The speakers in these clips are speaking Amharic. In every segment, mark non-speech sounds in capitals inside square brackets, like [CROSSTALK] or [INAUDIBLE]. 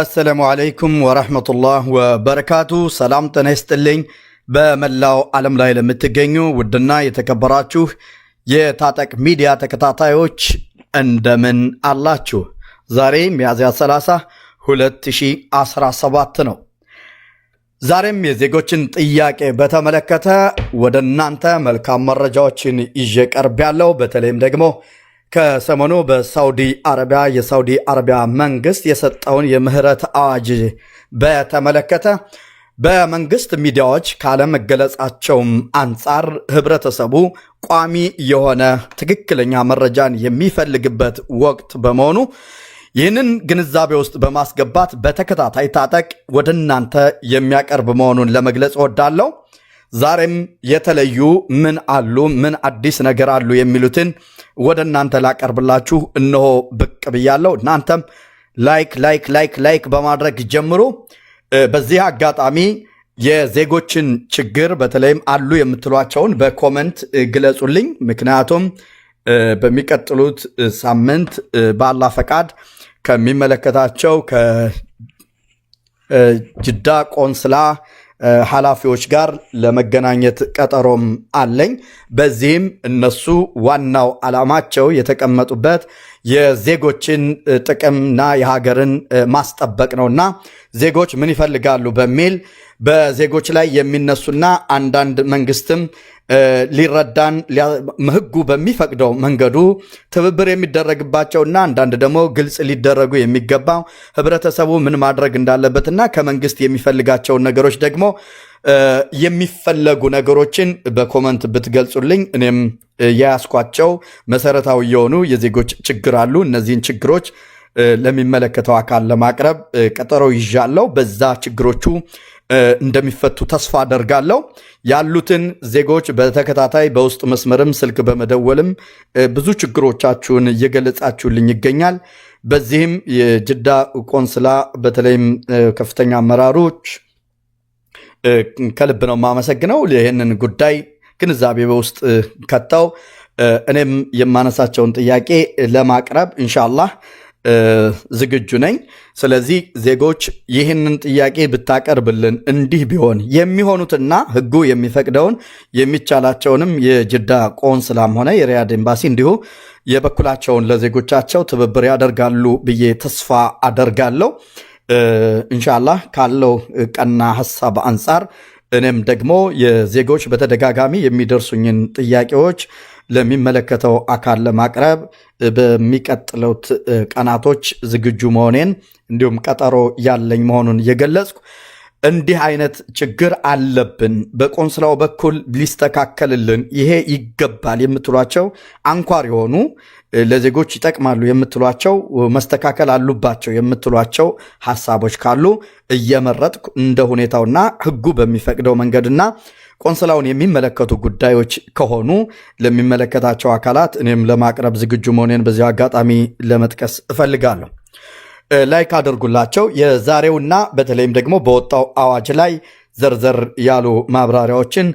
አሰላሙ አለይኩም ወረህመቱላህ ወበረካቱ። ሰላም ጤና ይስጥልኝ። በመላው ዓለም ላይ ለምትገኙ ውድና የተከበራችሁ የታጠቅ ሚዲያ ተከታታዮች እንደምን አላችሁ? ዛሬ ሚያዝያ 30 2017 ነው። ዛሬም የዜጎችን ጥያቄ በተመለከተ ወደ እናንተ መልካም መረጃዎችን ይዤ ቀርብ ያለው በተለይም ደግሞ ከሰሞኑ በሳውዲ አረቢያ የሳውዲ አረቢያ መንግስት የሰጠውን የምህረት አዋጅ በተመለከተ በመንግስት ሚዲያዎች ካለመገለጻቸውም አንጻር ህብረተሰቡ ቋሚ የሆነ ትክክለኛ መረጃን የሚፈልግበት ወቅት በመሆኑ ይህንን ግንዛቤ ውስጥ በማስገባት በተከታታይ ታጠቅ ወደ እናንተ የሚያቀርብ መሆኑን ለመግለጽ እወዳለሁ። ዛሬም የተለዩ ምን አሉ፣ ምን አዲስ ነገር አሉ የሚሉትን ወደ እናንተ ላቀርብላችሁ እነሆ ብቅ ብያለሁ። እናንተም ላይክ ላይክ ላይክ ላይክ በማድረግ ጀምሩ። በዚህ አጋጣሚ የዜጎችን ችግር በተለይም አሉ የምትሏቸውን በኮመንት ግለጹልኝ። ምክንያቱም በሚቀጥሉት ሳምንት ባላ ፈቃድ ከሚመለከታቸው ከጅዳ ቆንስላ ኃላፊዎች ጋር ለመገናኘት ቀጠሮም አለኝ። በዚህም እነሱ ዋናው ዓላማቸው የተቀመጡበት የዜጎችን ጥቅምና የሀገርን ማስጠበቅ ነውና ዜጎች ምን ይፈልጋሉ በሚል በዜጎች ላይ የሚነሱና አንዳንድ መንግስትም ሊረዳን ህጉ በሚፈቅደው መንገዱ ትብብር የሚደረግባቸውና አንዳንድ ደግሞ ግልጽ ሊደረጉ የሚገባው ህብረተሰቡ ምን ማድረግ እንዳለበትና ከመንግስት የሚፈልጋቸውን ነገሮች ደግሞ የሚፈለጉ ነገሮችን በኮመንት ብትገልጹልኝ እኔም የያስኳቸው መሰረታዊ የሆኑ የዜጎች ችግር አሉ። እነዚህን ችግሮች ለሚመለከተው አካል ለማቅረብ ቀጠሮ ይዣለሁ። በዛ ችግሮቹ እንደሚፈቱ ተስፋ አደርጋለሁ። ያሉትን ዜጎች በተከታታይ በውስጥ መስመርም ስልክ በመደወልም ብዙ ችግሮቻችሁን እየገለጻችሁልኝ ይገኛል። በዚህም የጅዳ ቆንስላ በተለይም ከፍተኛ አመራሮች ከልብ ነው የማመሰግነው። ይህንን ጉዳይ ግንዛቤ በውስጥ ከተው እኔም የማነሳቸውን ጥያቄ ለማቅረብ እንሻላህ ዝግጁ ነኝ። ስለዚህ ዜጎች ይህንን ጥያቄ ብታቀርብልን እንዲህ ቢሆን የሚሆኑትና ሕጉ የሚፈቅደውን የሚቻላቸውንም የጅዳ ቆንስላም ሆነ የሪያድ ኤምባሲ እንዲሁ የበኩላቸውን ለዜጎቻቸው ትብብር ያደርጋሉ ብዬ ተስፋ አደርጋለሁ። እንሻላህ ካለው ቀና ሀሳብ አንጻር እኔም ደግሞ የዜጎች በተደጋጋሚ የሚደርሱኝን ጥያቄዎች ለሚመለከተው አካል ለማቅረብ በሚቀጥሉት ቀናቶች ዝግጁ መሆኔን እንዲሁም ቀጠሮ ያለኝ መሆኑን የገለጽኩ እንዲህ አይነት ችግር አለብን፣ በቆንስላው በኩል ሊስተካከልልን ይሄ ይገባል የምትሏቸው አንኳር የሆኑ ለዜጎች ይጠቅማሉ የምትሏቸው መስተካከል አሉባቸው የምትሏቸው ሀሳቦች ካሉ እየመረጥኩ እንደ ሁኔታውና ሕጉ በሚፈቅደው መንገድና ቆንስላውን የሚመለከቱ ጉዳዮች ከሆኑ ለሚመለከታቸው አካላት እኔም ለማቅረብ ዝግጁ መሆኔን በዚያው አጋጣሚ ለመጥቀስ እፈልጋለሁ። ላይክ አድርጉላቸው። የዛሬውና በተለይም ደግሞ በወጣው አዋጅ ላይ ዘርዘር ያሉ ማብራሪያዎችን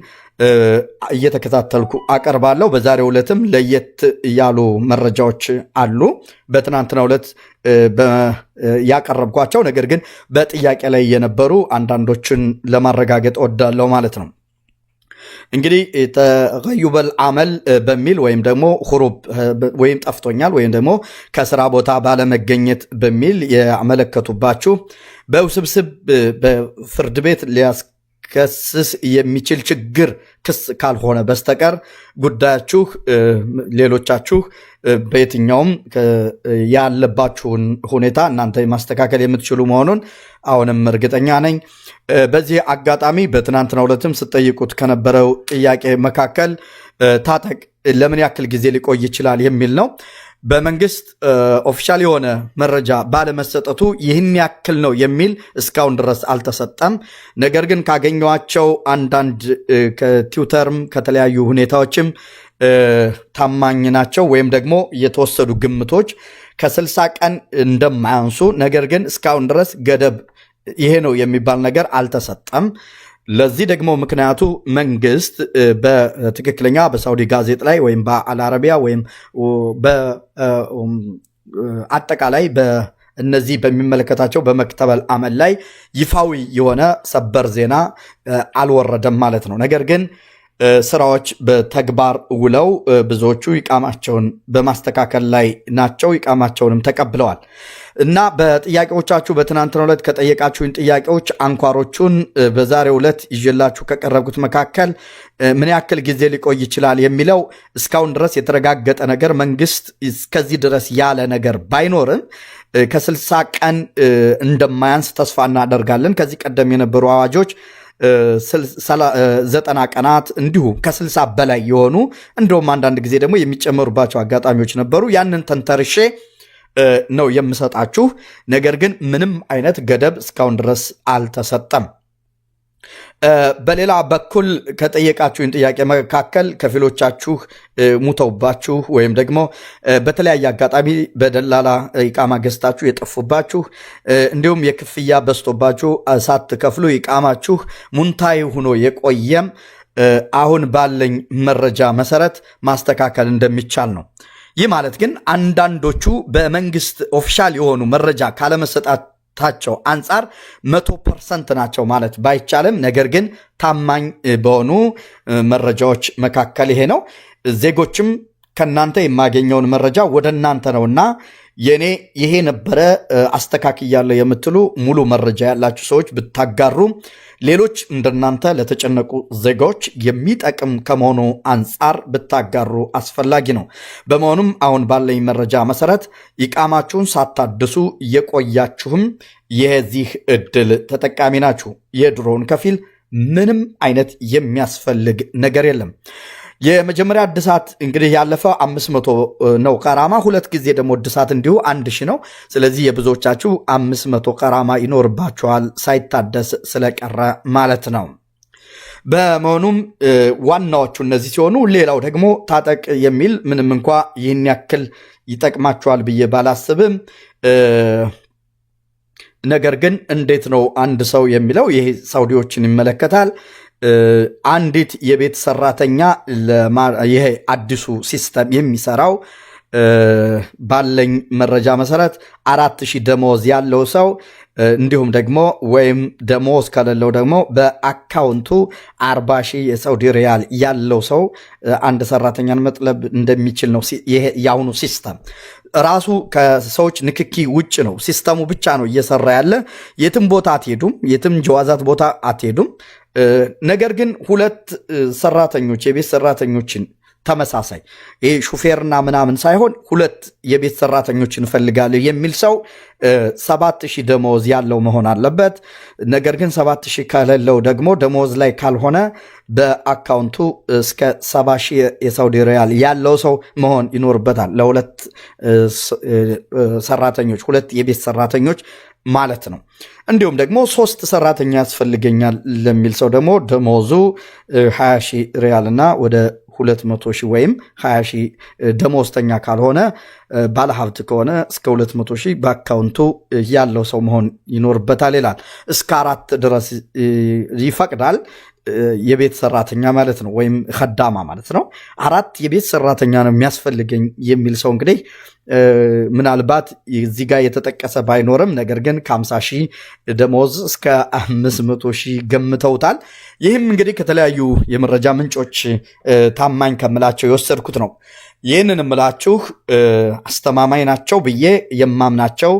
እየተከታተልኩ አቀርባለሁ። በዛሬው ዕለትም ለየት ያሉ መረጃዎች አሉ። በትናንትናው ዕለት ያቀረብኳቸው ነገር ግን በጥያቄ ላይ የነበሩ አንዳንዶችን ለማረጋገጥ እወዳለሁ ማለት ነው። እንግዲህ ተገዩበል አመል በሚል ወይም ደግሞ ሁሩብ ወይም ጠፍቶኛል ወይም ደግሞ ከስራ ቦታ ባለመገኘት በሚል ያመለከቱባችሁ በውስብስብ በፍርድ ቤት ሊያስ ሊከስስ የሚችል ችግር ክስ ካልሆነ በስተቀር ጉዳያችሁ ሌሎቻችሁ በየትኛውም ያለባችሁን ሁኔታ እናንተ ማስተካከል የምትችሉ መሆኑን አሁንም እርግጠኛ ነኝ። በዚህ አጋጣሚ በትናንትናው ዕለትም ስጠይቁት ከነበረው ጥያቄ መካከል ታጠቅ ለምን ያክል ጊዜ ሊቆይ ይችላል የሚል ነው። በመንግስት ኦፊሻል የሆነ መረጃ ባለመሰጠቱ ይህን ያክል ነው የሚል እስካሁን ድረስ አልተሰጠም። ነገር ግን ካገኘኋቸው አንዳንድ ከቲውተርም ከተለያዩ ሁኔታዎችም ታማኝ ናቸው ወይም ደግሞ የተወሰዱ ግምቶች ከስልሳ ቀን እንደማያንሱ ነገር ግን እስካሁን ድረስ ገደብ ይሄ ነው የሚባል ነገር አልተሰጠም። ለዚህ ደግሞ ምክንያቱ መንግስት በትክክለኛ በሳውዲ ጋዜጥ ላይ ወይም በአልአረቢያ ወይም አጠቃላይ እነዚህ በሚመለከታቸው በመክተበል አመል ላይ ይፋዊ የሆነ ሰበር ዜና አልወረደም ማለት ነው። ነገር ግን ስራዎች በተግባር ውለው ብዙዎቹ ይቃማቸውን በማስተካከል ላይ ናቸው። ይቃማቸውንም ተቀብለዋል። እና በጥያቄዎቻችሁ በትናንትናው ዕለት ከጠየቃችሁኝ ጥያቄዎች አንኳሮቹን በዛሬው ዕለት ይዤላችሁ ከቀረብኩት መካከል ምን ያክል ጊዜ ሊቆይ ይችላል የሚለው እስካሁን ድረስ የተረጋገጠ ነገር መንግስት እስከዚህ ድረስ ያለ ነገር ባይኖርም ከስልሳ ቀን እንደማያንስ ተስፋ እናደርጋለን። ከዚህ ቀደም የነበሩ አዋጆች ዘጠና ቀናት እንዲሁም ከስልሳ በላይ የሆኑ እንደውም አንዳንድ ጊዜ ደግሞ የሚጨመሩባቸው አጋጣሚዎች ነበሩ። ያንን ተንተርሼ ነው የምሰጣችሁ። ነገር ግን ምንም አይነት ገደብ እስካሁን ድረስ አልተሰጠም። በሌላ በኩል ከጠየቃችሁን ጥያቄ መካከል ከፊሎቻችሁ ሙተውባችሁ ወይም ደግሞ በተለያየ አጋጣሚ በደላላ ኢቃማ ገዝታችሁ የጠፉባችሁ እንዲሁም የክፍያ በዝቶባችሁ ሳትከፍሉ ኢቃማችሁ ሙንታይ ሆኖ የቆየም አሁን ባለኝ መረጃ መሰረት ማስተካከል እንደሚቻል ነው። ይህ ማለት ግን አንዳንዶቹ በመንግስት ኦፊሻል የሆኑ መረጃ ካለመሰጣታቸው አንጻር መቶ ፐርሰንት ናቸው ማለት ባይቻልም፣ ነገር ግን ታማኝ በሆኑ መረጃዎች መካከል ይሄ ነው። ዜጎችም ከእናንተ የማገኘውን መረጃ ወደ እናንተ ነውና የኔ ይሄ ነበረ አስተካክያለሁ የምትሉ ሙሉ መረጃ ያላችሁ ሰዎች ብታጋሩ ሌሎች እንደናንተ ለተጨነቁ ዜጋዎች የሚጠቅም ከመሆኑ አንጻር ብታጋሩ አስፈላጊ ነው። በመሆኑም አሁን ባለኝ መረጃ መሰረት ይቃማችሁን ሳታድሱ የቆያችሁም የዚህ እድል ተጠቃሚ ናችሁ። የድሮውን ከፊል ምንም አይነት የሚያስፈልግ ነገር የለም። የመጀመሪያ እድሳት እንግዲህ ያለፈው አምስት መቶ ነው ቀራማ። ሁለት ጊዜ ደግሞ እድሳት እንዲሁ አንድ ሺ ነው። ስለዚህ የብዙዎቻችሁ አምስት መቶ ቀራማ ይኖርባችኋል ሳይታደስ ስለቀረ ማለት ነው። በመሆኑም ዋናዎቹ እነዚህ ሲሆኑ፣ ሌላው ደግሞ ታጠቅ የሚል ምንም እንኳ ይህን ያክል ይጠቅማቸዋል ብዬ ባላስብም ነገር ግን እንዴት ነው አንድ ሰው የሚለው ይህ ሳውዲዎችን ይመለከታል። አንዲት የቤት ሰራተኛ ይሄ አዲሱ ሲስተም የሚሰራው ባለኝ መረጃ መሰረት አራት ሺህ ደሞዝ ያለው ሰው እንዲሁም ደግሞ ወይም ደሞዝ ከሌለው ደግሞ በአካውንቱ አርባ ሺህ የሳውዲ ሪያል ያለው ሰው አንድ ሰራተኛን መጥለብ እንደሚችል ነው የአሁኑ ሲስተም። ራሱ ከሰዎች ንክኪ ውጭ ነው ሲስተሙ ብቻ ነው እየሰራ ያለ። የትም ቦታ አትሄዱም፣ የትም ጀዋዛት ቦታ አትሄዱም። ነገር ግን ሁለት ሰራተኞች የቤት ሰራተኞችን ተመሳሳይ ይህ ሹፌርና ምናምን ሳይሆን ሁለት የቤት ሰራተኞች እንፈልጋለን የሚል ሰው ሰባት ሺህ ደሞዝ ያለው መሆን አለበት። ነገር ግን ሰባት ሺህ ከሌለው ደግሞ ደሞዝ ላይ ካልሆነ በአካውንቱ እስከ ሰባ ሺህ የሳውዲ ሪያል ያለው ሰው መሆን ይኖርበታል። ለሁለት ሰራተኞች ሁለት የቤት ሰራተኞች ማለት ነው። እንዲሁም ደግሞ ሶስት ሰራተኛ ያስፈልገኛል ለሚል ሰው ደግሞ ደሞዙ 20 ሺህ እና ወደ 200 ሺህ ወይም 20 ሺህ ደመወዝተኛ ካልሆነ ባለሀብት ከሆነ እስከ 200 ሺህ በአካውንቱ ያለው ሰው መሆን ይኖርበታል ይላል። እስከ አራት ድረስ ይፈቅዳል። የቤት ሰራተኛ ማለት ነው፣ ወይም ከዳማ ማለት ነው። አራት የቤት ሰራተኛ ነው የሚያስፈልገኝ የሚል ሰው እንግዲህ ምናልባት እዚህ ጋር የተጠቀሰ ባይኖርም ነገር ግን ከ50 ሺህ ደሞዝ እስከ 500 ሺህ ገምተውታል። ይህም እንግዲህ ከተለያዩ የመረጃ ምንጮች ታማኝ ከምላቸው የወሰድኩት ነው። ይህንን ምላችሁ አስተማማኝ ናቸው ብዬ የማምናቸው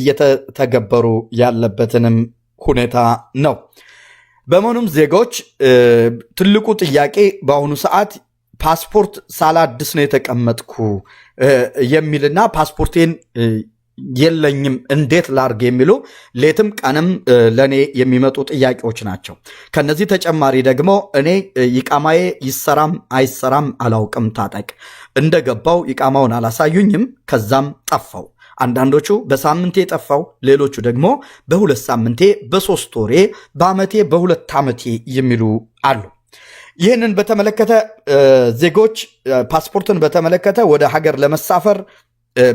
እየተተገበሩ ያለበትንም ሁኔታ ነው። በመሆኑም ዜጎች ትልቁ ጥያቄ በአሁኑ ሰዓት ፓስፖርት ሳላድስ ነው የተቀመጥኩ የሚልና ፓስፖርቴን የለኝም እንዴት ላርግ የሚሉ ሌትም ቀንም ለእኔ የሚመጡ ጥያቄዎች ናቸው። ከነዚህ ተጨማሪ ደግሞ እኔ ይቃማዬ ይሰራም አይሰራም አላውቅም። ታጠቅ እንደገባው ይቃማውን አላሳዩኝም፣ ከዛም ጠፋው። አንዳንዶቹ በሳምንቴ የጠፋው፣ ሌሎቹ ደግሞ በሁለት ሳምንቴ፣ በሶስት ወሬ፣ በአመቴ፣ በሁለት ዓመቴ የሚሉ አሉ። ይህንን በተመለከተ ዜጎች ፓስፖርትን በተመለከተ ወደ ሀገር ለመሳፈር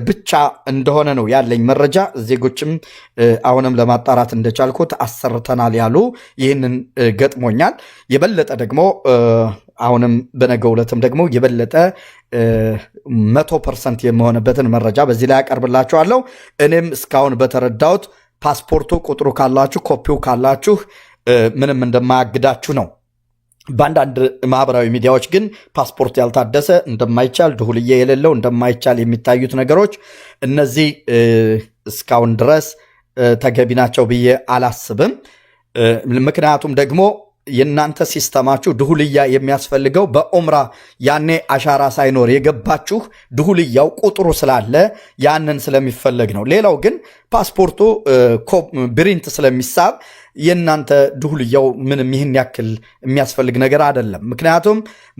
ብቻ እንደሆነ ነው ያለኝ መረጃ። ዜጎችም አሁንም ለማጣራት እንደቻልኩት አሰርተናል ያሉ ይህንን ገጥሞኛል። የበለጠ ደግሞ አሁንም በነገው ውለትም ደግሞ የበለጠ መቶ ፐርሰንት የሚሆንበትን መረጃ በዚህ ላይ አቀርብላችኋለሁ። እኔም እስካሁን በተረዳሁት ፓስፖርቱ ቁጥሩ ካላችሁ ኮፒው ካላችሁ ምንም እንደማያግዳችሁ ነው። በአንዳንድ ማህበራዊ ሚዲያዎች ግን ፓስፖርት ያልታደሰ እንደማይቻል፣ ድሁልዬ የሌለው እንደማይቻል የሚታዩት ነገሮች እነዚህ እስካሁን ድረስ ተገቢ ናቸው ብዬ አላስብም። ምክንያቱም ደግሞ የእናንተ ሲስተማችሁ ድሁልያ የሚያስፈልገው በኦምራ ያኔ አሻራ ሳይኖር የገባችሁ ድሁልያው ቁጥሩ ስላለ ያንን ስለሚፈለግ ነው። ሌላው ግን ፓስፖርቱ ብሪንት ስለሚሳብ የእናንተ ድሁልያው ምንም ይህን ያክል የሚያስፈልግ ነገር አይደለም። ምክንያቱም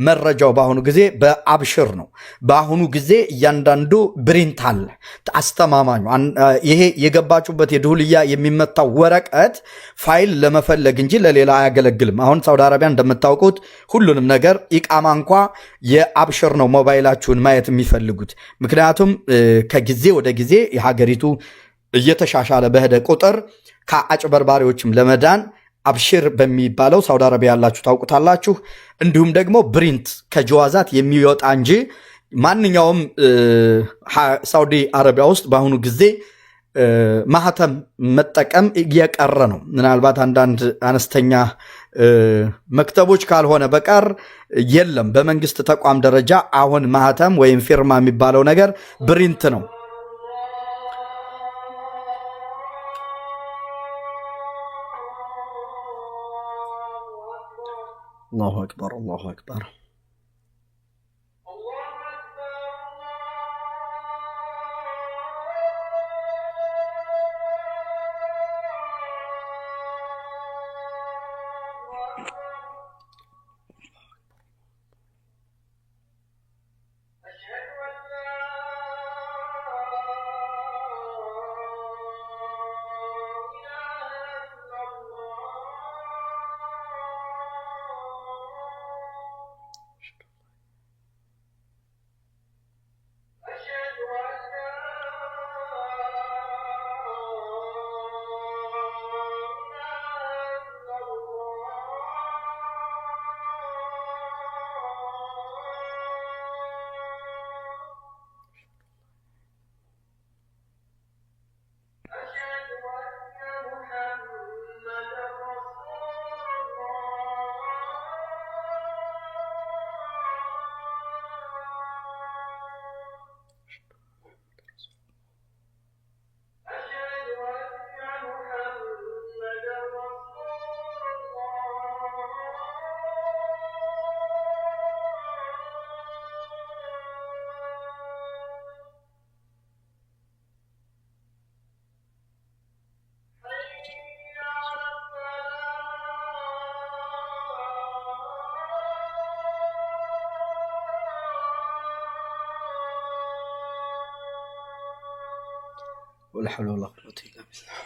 መረጃው በአሁኑ ጊዜ በአብሽር ነው። በአሁኑ ጊዜ እያንዳንዱ ብሪንት አለ አስተማማኙ። ይሄ የገባችሁበት የድሁልያ የሚመታው ወረቀት ፋይል ለመፈለግ እንጂ ለሌላ አያገለግልም። አሁን ሳውዲ አረቢያ እንደምታውቁት ሁሉንም ነገር ኢቃማ እንኳ የአብሽር ነው ሞባይላችሁን ማየት የሚፈልጉት ምክንያቱም ከጊዜ ወደ ጊዜ የሀገሪቱ እየተሻሻለ በሄደ ቁጥር ከአጭበርባሪዎችም ለመዳን አብሽር በሚባለው ሳውዲ አረቢያ ያላችሁ ታውቁታላችሁ። እንዲሁም ደግሞ ብሪንት ከጀዋዛት የሚወጣ እንጂ ማንኛውም ሳውዲ አረቢያ ውስጥ በአሁኑ ጊዜ ማህተም መጠቀም እየቀረ ነው። ምናልባት አንዳንድ አነስተኛ መክተቦች ካልሆነ በቀር የለም። በመንግስት ተቋም ደረጃ አሁን ማህተም ወይም ፊርማ የሚባለው ነገር ብሪንት ነው። الله أكبر الله أكبر ولا حول ولا قوة إلا بالله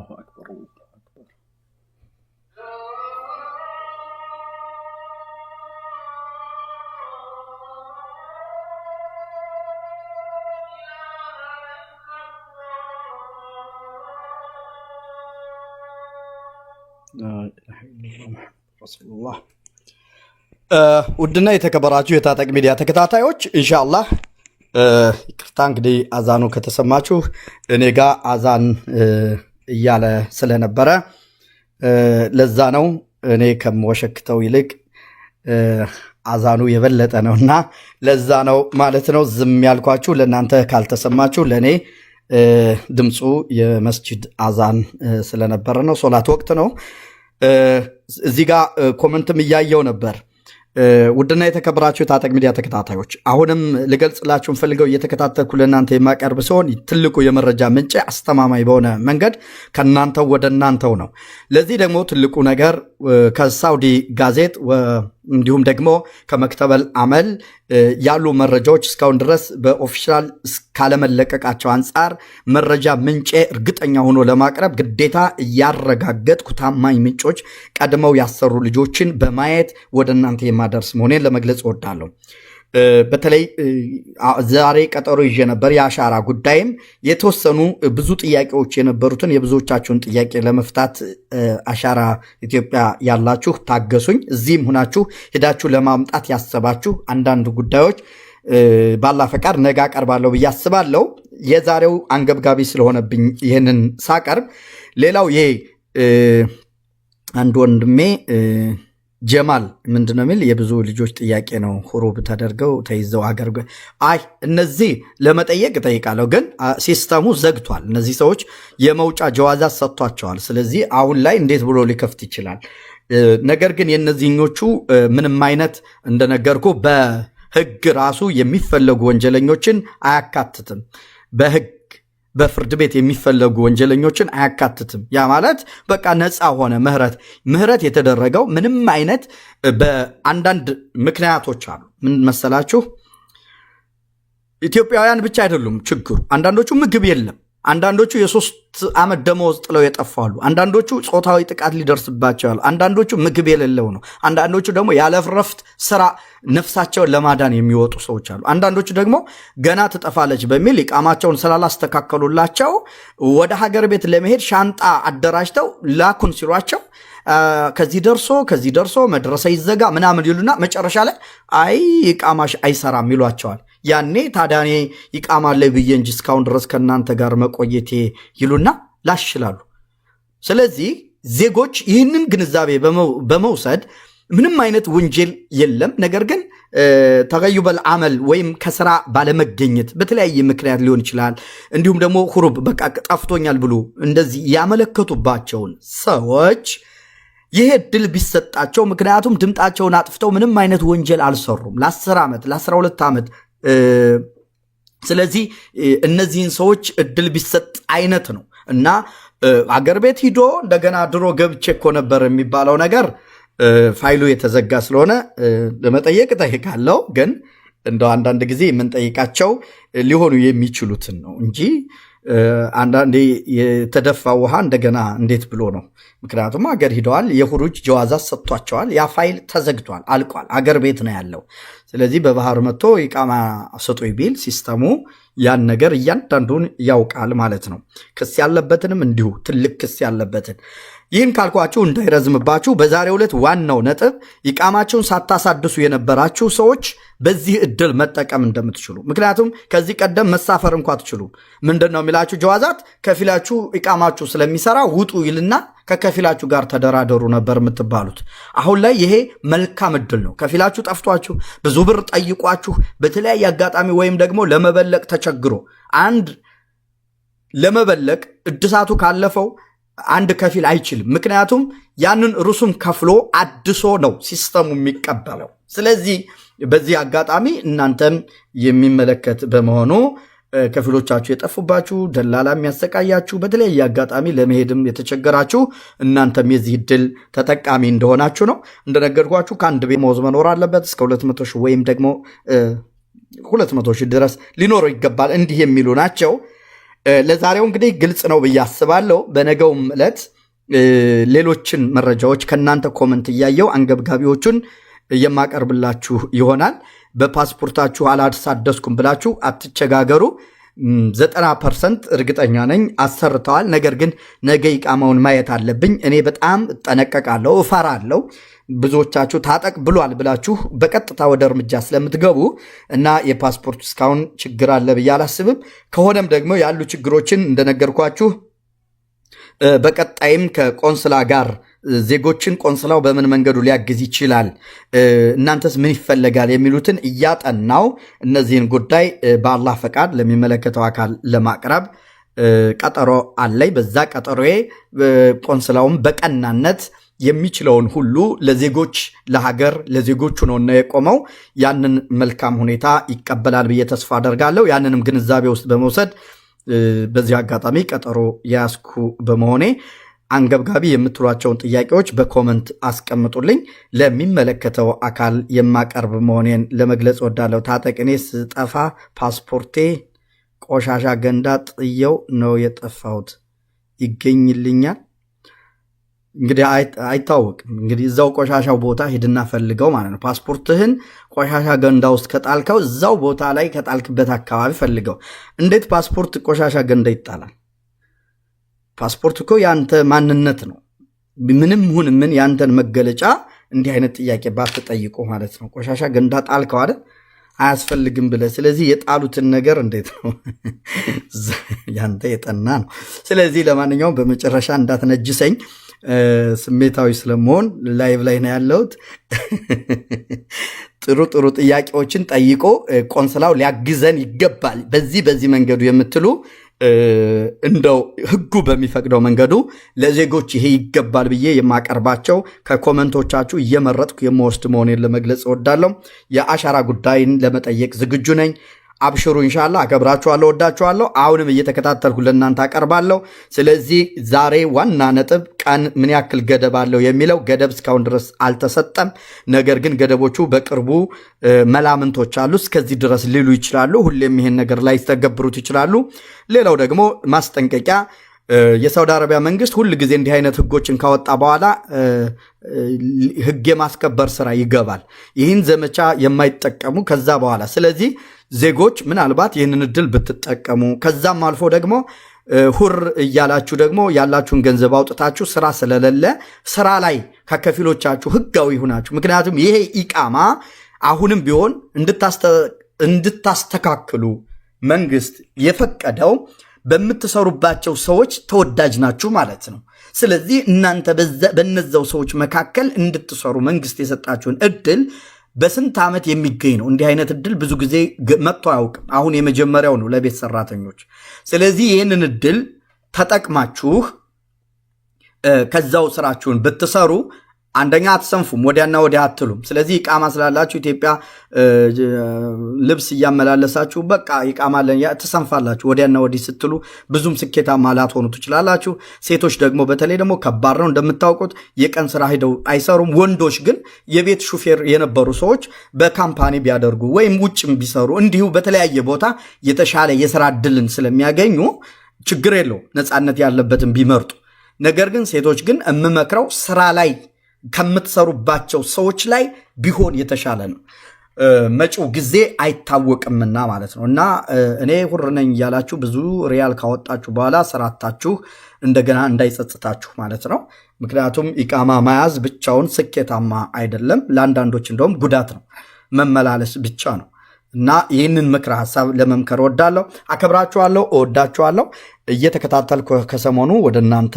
الله أكبر الله أكبر لا إله إلا الله رسول الله ውድና የተከበራችሁ የታጠቅ ሚዲያ ተከታታዮች ኢንሻአላህ ይቅርታ እንግዲህ አዛኑ ከተሰማችሁ እኔ ጋር አዛን እያለ ስለነበረ ለዛ ነው እኔ ከምወሸክተው ይልቅ አዛኑ የበለጠ ነውና ለዛ ነው ማለት ነው ዝም ያልኳችሁ። ለእናንተ ካልተሰማችሁ ለእኔ ድምፁ የመስጅድ አዛን ስለነበረ ነው። ሶላት ወቅት ነው። እዚህ ጋር ኮመንትም እያየው ነበር። ውድና የተከበራችሁ የታጠቅ ሚዲያ ተከታታዮች አሁንም ልገልጽላችሁ ፈልገው እየተከታተልኩ ለእናንተ የማቀርብ ሲሆን ትልቁ የመረጃ ምንጭ አስተማማኝ በሆነ መንገድ ከእናንተው ወደ እናንተው ነው። ለዚህ ደግሞ ትልቁ ነገር ከሳውዲ ጋዜጥ እንዲሁም ደግሞ ከመክተበል አመል ያሉ መረጃዎች እስካሁን ድረስ በኦፊሻል ካለመለቀቃቸው አንጻር መረጃ ምንጬ እርግጠኛ ሆኖ ለማቅረብ ግዴታ እያረጋገጥኩ ታማኝ ምንጮች ቀድመው ያሰሩ ልጆችን በማየት ወደ እናንተ የማደርስ መሆኔን ለመግለጽ እወዳለሁ። በተለይ ዛሬ ቀጠሮ ይዤ ነበር። የአሻራ ጉዳይም የተወሰኑ ብዙ ጥያቄዎች የነበሩትን የብዙዎቻችሁን ጥያቄ ለመፍታት አሻራ ኢትዮጵያ ያላችሁ ታገሱኝ። እዚህም ሁናችሁ ሄዳችሁ ለማምጣት ያሰባችሁ አንዳንድ ጉዳዮች ባላ ፈቃድ ነገ አቀርባለሁ ብዬ አስባለሁ። የዛሬው አንገብጋቢ ስለሆነብኝ ይህንን ሳቀርብ ሌላው ይሄ አንድ ወንድሜ ጀማል ምንድን ነው የሚል የብዙ ልጆች ጥያቄ ነው። ሁሩብ ተደርገው ተይዘው አገር አይ እነዚህ ለመጠየቅ እጠይቃለሁ፣ ግን ሲስተሙ ዘግቷል። እነዚህ ሰዎች የመውጫ ጀዋዛ ሰጥቷቸዋል። ስለዚህ አሁን ላይ እንዴት ብሎ ሊከፍት ይችላል? ነገር ግን የእነዚህኞቹ ምንም አይነት እንደነገርኩ በህግ ራሱ የሚፈለጉ ወንጀለኞችን አያካትትም በህግ በፍርድ ቤት የሚፈለጉ ወንጀለኞችን አያካትትም። ያ ማለት በቃ ነፃ ሆነ። ምህረት ምህረት የተደረገው ምንም አይነት በአንዳንድ ምክንያቶች አሉ። ምን መሰላችሁ? ኢትዮጵያውያን ብቻ አይደሉም ችግሩ፣ አንዳንዶቹ ምግብ የለም አንዳንዶቹ የሶስት ዓመት ደመወዝ ጥለው የጠፋሉ። አንዳንዶቹ ጾታዊ ጥቃት ሊደርስባቸዋል። አንዳንዶቹ ምግብ የሌለው ነው። አንዳንዶቹ ደግሞ ያለ እረፍት ስራ ነፍሳቸውን ለማዳን የሚወጡ ሰዎች አሉ። አንዳንዶቹ ደግሞ ገና ትጠፋለች በሚል ኢቃማቸውን ስላላስተካከሉላቸው ወደ ሀገር ቤት ለመሄድ ሻንጣ አደራጅተው ላኩን ሲሏቸው ከዚህ ደርሶ ከዚህ ደርሶ መድረሳ ይዘጋ ምናምን ይሉና መጨረሻ ላይ አይ ኢቃማሽ አይሰራም ይሏቸዋል። ያኔ ታዲያ እኔ ይቃማለሁ ብዬ እንጂ እስካሁን ድረስ ከእናንተ ጋር መቆየቴ ይሉና ላሽላሉ። ስለዚህ ዜጎች ይህንን ግንዛቤ በመውሰድ ምንም አይነት ወንጀል የለም። ነገር ግን ተገዩበል አመል ወይም ከስራ ባለመገኘት በተለያየ ምክንያት ሊሆን ይችላል። እንዲሁም ደግሞ ሁሩብ በቃ ጠፍቶኛል ብሎ እንደዚህ ያመለከቱባቸውን ሰዎች ይሄ እድል ቢሰጣቸው፣ ምክንያቱም ድምጣቸውን አጥፍተው ምንም አይነት ወንጀል አልሰሩም። ለ10 ዓመት ለ12 ዓመት ስለዚህ እነዚህን ሰዎች እድል ቢሰጥ አይነት ነው እና አገር ቤት ሂዶ እንደገና ድሮ ገብቼ እኮ ነበር የሚባለው ነገር ፋይሉ የተዘጋ ስለሆነ ለመጠየቅ እጠይቃለሁ ግን እንደው አንዳንድ ጊዜ የምንጠይቃቸው ሊሆኑ የሚችሉትን ነው እንጂ አንዳንዴ የተደፋ ውሃ እንደገና እንዴት ብሎ ነው? ምክንያቱም አገር ሂደዋል፣ የሁሩጅ ጀዋዛ ሰጥቷቸዋል። ያ ፋይል ተዘግቷል፣ አልቋል። አገር ቤት ነው ያለው። ስለዚህ በባህር መጥቶ ኢቃማ ሰጡ ቢል ሲስተሙ ያን ነገር እያንዳንዱን ያውቃል ማለት ነው። ክስ ያለበትንም እንዲሁ ትልቅ ክስ ያለበትን ይህን ካልኳችሁ እንዳይረዝምባችሁ በዛሬው ዕለት ዋናው ነጥብ ኢቃማችሁን ሳታሳድሱ የነበራችሁ ሰዎች በዚህ እድል መጠቀም እንደምትችሉ። ምክንያቱም ከዚህ ቀደም መሳፈር እንኳ ትችሉ ምንድን ነው የሚላችሁ ጀዋዛት ከፊላችሁ ኢቃማችሁ ስለሚሰራ ውጡ ይልና ከከፊላችሁ ጋር ተደራደሩ ነበር የምትባሉት። አሁን ላይ ይሄ መልካም እድል ነው። ከፊላችሁ ጠፍቷችሁ ብዙ ብር ጠይቋችሁ በተለያየ አጋጣሚ ወይም ደግሞ ለመበለቅ ተቸግሮ አንድ ለመበለቅ እድሳቱ ካለፈው አንድ ከፊል አይችልም። ምክንያቱም ያንን ርሱም ከፍሎ አድሶ ነው ሲስተሙ የሚቀበለው። ስለዚህ በዚህ አጋጣሚ እናንተም የሚመለከት በመሆኑ ከፊሎቻችሁ የጠፉባችሁ ደላላ የሚያሰቃያችሁ በተለያየ አጋጣሚ ለመሄድም የተቸገራችሁ እናንተም የዚህ ድል ተጠቃሚ እንደሆናችሁ ነው። እንደነገርኳችሁ ከአንድ ቤት መወዝ መኖር አለበት እስከ 200 ሺህ ወይም ደግሞ 200 ሺህ ድረስ ሊኖረው ይገባል። እንዲህ የሚሉ ናቸው። ለዛሬው እንግዲህ ግልጽ ነው ብዬ አስባለሁ። በነገውም ዕለት ሌሎችን መረጃዎች ከእናንተ ኮመንት እያየው አንገብጋቢዎቹን የማቀርብላችሁ ይሆናል። በፓስፖርታችሁ አላሳደስኩም ብላችሁ አትቸጋገሩ። ዘጠና ፐርሰንት እርግጠኛ ነኝ አሰርተዋል። ነገር ግን ነገ ይቃማውን ማየት አለብኝ። እኔ በጣም እጠነቀቃለሁ፣ እፈራለሁ። ብዙዎቻችሁ ታጠቅ ብሏል ብላችሁ በቀጥታ ወደ እርምጃ ስለምትገቡ እና የፓስፖርት እስካሁን ችግር አለ ብዬ አላስብም። ከሆነም ደግሞ ያሉ ችግሮችን እንደነገርኳችሁ በቀጣይም ከቆንስላ ጋር ዜጎችን ቆንስላው በምን መንገዱ ሊያግዝ ይችላል፣ እናንተስ ምን ይፈለጋል የሚሉትን እያጠናው እነዚህን ጉዳይ በአላህ ፈቃድ ለሚመለከተው አካል ለማቅረብ ቀጠሮ አለኝ። በዛ ቀጠሮዬ ቆንስላውን በቀናነት የሚችለውን ሁሉ ለዜጎች ለሀገር ለዜጎቹ ነው የቆመው ያንን መልካም ሁኔታ ይቀበላል ብዬ ተስፋ አደርጋለሁ። ያንንም ግንዛቤ ውስጥ በመውሰድ በዚህ አጋጣሚ ቀጠሮ የያዝኩ በመሆኔ አንገብጋቢ የምትሏቸውን ጥያቄዎች በኮመንት አስቀምጡልኝ። ለሚመለከተው አካል የማቀርብ መሆኔን ለመግለጽ ወዳለው ታጠቅ እኔ ስጠፋ ፓስፖርቴ ቆሻሻ ገንዳ ጥየው ነው የጠፋሁት። ይገኝልኛል? እንግዲህ አይታወቅም። እንግዲህ እዛው ቆሻሻው ቦታ ሂድና ፈልገው ማለት ነው። ፓስፖርትህን ቆሻሻ ገንዳ ውስጥ ከጣልከው እዛው ቦታ ላይ ከጣልክበት አካባቢ ፈልገው። እንዴት ፓስፖርት ቆሻሻ ገንዳ ይጣላል? ፓስፖርት እኮ የአንተ ማንነት ነው። ምንም ሁን ምን የአንተን መገለጫ እንዲህ አይነት ጥያቄ ባትጠይቁ ማለት ነው። ቆሻሻ ገንዳ ጣልከው አይደል? አያስፈልግም ብለህ ስለዚህ የጣሉትን ነገር እንዴት ነው [LAUGHS] ያንተ የጠና ነው። ስለዚህ ለማንኛውም በመጨረሻ እንዳትነጅሰኝ ስሜታዊ ስለመሆን ላይቭ ላይ ነው ያለሁት። [LAUGHS] ጥሩ ጥሩ ጥያቄዎችን ጠይቆ ቆንስላው ሊያግዘን ይገባል። በዚህ በዚህ መንገዱ የምትሉ እንደው ህጉ በሚፈቅደው መንገዱ ለዜጎች ይሄ ይገባል ብዬ የማቀርባቸው ከኮመንቶቻችሁ እየመረጥኩ የመወስድ መሆኔን ለመግለጽ እወዳለሁ። የአሻራ ጉዳይን ለመጠየቅ ዝግጁ ነኝ። አብሽሩ እንሻላ አከብራችኋለሁ፣ ወዳችኋለሁ። አሁንም እየተከታተልኩ ለእናንተ አቀርባለሁ። ስለዚህ ዛሬ ዋና ነጥብ ቀን ምን ያክል ገደብ አለው የሚለው ገደብ እስካሁን ድረስ አልተሰጠም። ነገር ግን ገደቦቹ በቅርቡ መላምንቶች አሉ፣ እስከዚህ ድረስ ሊሉ ይችላሉ። ሁሌም ይሄን ነገር ላይ ይተገብሩት ይችላሉ። ሌላው ደግሞ ማስጠንቀቂያ የሳውዲ አረቢያ መንግስት ሁል ጊዜ እንዲህ አይነት ህጎችን ካወጣ በኋላ ህግ የማስከበር ስራ ይገባል። ይህን ዘመቻ የማይጠቀሙ ከዛ በኋላ ስለዚህ ዜጎች ምናልባት ይህንን እድል ብትጠቀሙ ከዛም አልፎ ደግሞ ሁር እያላችሁ ደግሞ ያላችሁን ገንዘብ አውጥታችሁ ስራ ስለሌለ ስራ ላይ ከከፊሎቻችሁ ህጋዊ ሁናችሁ ምክንያቱም ይሄ ኢቃማ አሁንም ቢሆን እንድታስተካክሉ መንግስት የፈቀደው በምትሰሩባቸው ሰዎች ተወዳጅ ናችሁ ማለት ነው። ስለዚህ እናንተ በነዛው ሰዎች መካከል እንድትሰሩ መንግስት የሰጣችሁን እድል በስንት ዓመት የሚገኝ ነው። እንዲህ አይነት እድል ብዙ ጊዜ መጥቶ አያውቅም። አሁን የመጀመሪያው ነው ለቤት ሰራተኞች። ስለዚህ ይህንን እድል ተጠቅማችሁ ከዛው ስራችሁን ብትሰሩ አንደኛ አትሰንፉም፣ ወዲያና ወዲያ አትሉም። ስለዚህ ይቃማ ስላላችሁ ኢትዮጵያ ልብስ እያመላለሳችሁ በቃ ይቃማለን ትሰንፋላችሁ። ወዲያና ወዲህ ስትሉ ብዙም ስኬታማ ላትሆኑ ትችላላችሁ። ሴቶች ደግሞ በተለይ ደግሞ ከባድ ነው እንደምታውቁት፣ የቀን ስራ ሂደው አይሰሩም። ወንዶች ግን የቤት ሹፌር የነበሩ ሰዎች በካምፓኒ ቢያደርጉ ወይም ውጭም ቢሰሩ እንዲሁ በተለያየ ቦታ የተሻለ የስራ እድልን ስለሚያገኙ ችግር የለው ነፃነት ያለበትን ቢመርጡ። ነገር ግን ሴቶች ግን የምመክረው ስራ ላይ ከምትሰሩባቸው ሰዎች ላይ ቢሆን የተሻለ ነው። መጪው ጊዜ አይታወቅምና ማለት ነው። እና እኔ ሁር ነኝ እያላችሁ ብዙ ሪያል ካወጣችሁ በኋላ ስራታችሁ እንደገና እንዳይጸጽታችሁ ማለት ነው። ምክንያቱም ኢቃማ መያዝ ብቻውን ስኬታማ አይደለም። ለአንዳንዶች እንደውም ጉዳት ነው፣ መመላለስ ብቻ ነው። እና ይህንን ምክረ ሀሳብ ለመምከር ወዳለው አከብራችኋለሁ፣ እወዳችኋለሁ። እየተከታተልኩ ከሰሞኑ ወደ እናንተ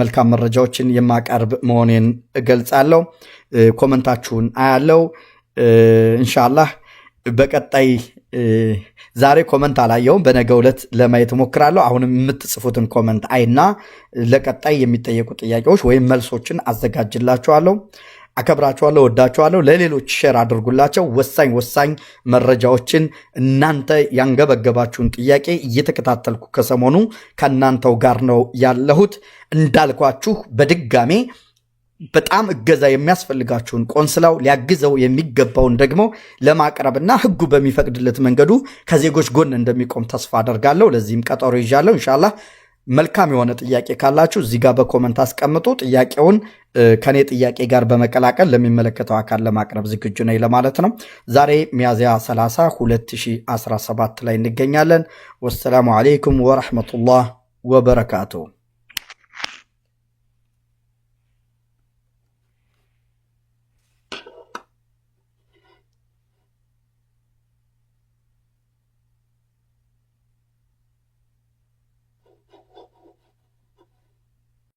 መልካም መረጃዎችን የማቀርብ መሆኔን እገልጻለሁ። ኮመንታችሁን አያለው እንሻላህ በቀጣይ ዛሬ ኮመንት አላየውም። በነገ ዕለት ለማየት እሞክራለሁ። አሁንም የምትጽፉትን ኮመንት አይና ለቀጣይ የሚጠየቁ ጥያቄዎች ወይም መልሶችን አዘጋጅላችኋለሁ። አከብራችኋለሁ፣ ወዳችኋለሁ። ለሌሎች ሼር አድርጉላቸው። ወሳኝ ወሳኝ መረጃዎችን እናንተ ያንገበገባችሁን ጥያቄ እየተከታተልኩ ከሰሞኑ ከእናንተው ጋር ነው ያለሁት። እንዳልኳችሁ በድጋሜ በጣም እገዛ የሚያስፈልጋችሁን ቆንስላው ሊያግዘው የሚገባውን ደግሞ ለማቅረብና ሕጉ በሚፈቅድለት መንገዱ ከዜጎች ጎን እንደሚቆም ተስፋ አደርጋለሁ። ለዚህም ቀጠሮ ይዣለሁ። እንሻላ መልካም የሆነ ጥያቄ ካላችሁ እዚህ ጋር በኮመንት አስቀምጡ። ጥያቄውን ከኔ ጥያቄ ጋር በመቀላቀል ለሚመለከተው አካል ለማቅረብ ዝግጁ ነኝ ለማለት ነው። ዛሬ ሚያዝያ 30 2017 ላይ እንገኛለን። ወሰላሙ አሌይኩም ወረሕመቱላህ ወበረካቱሁ።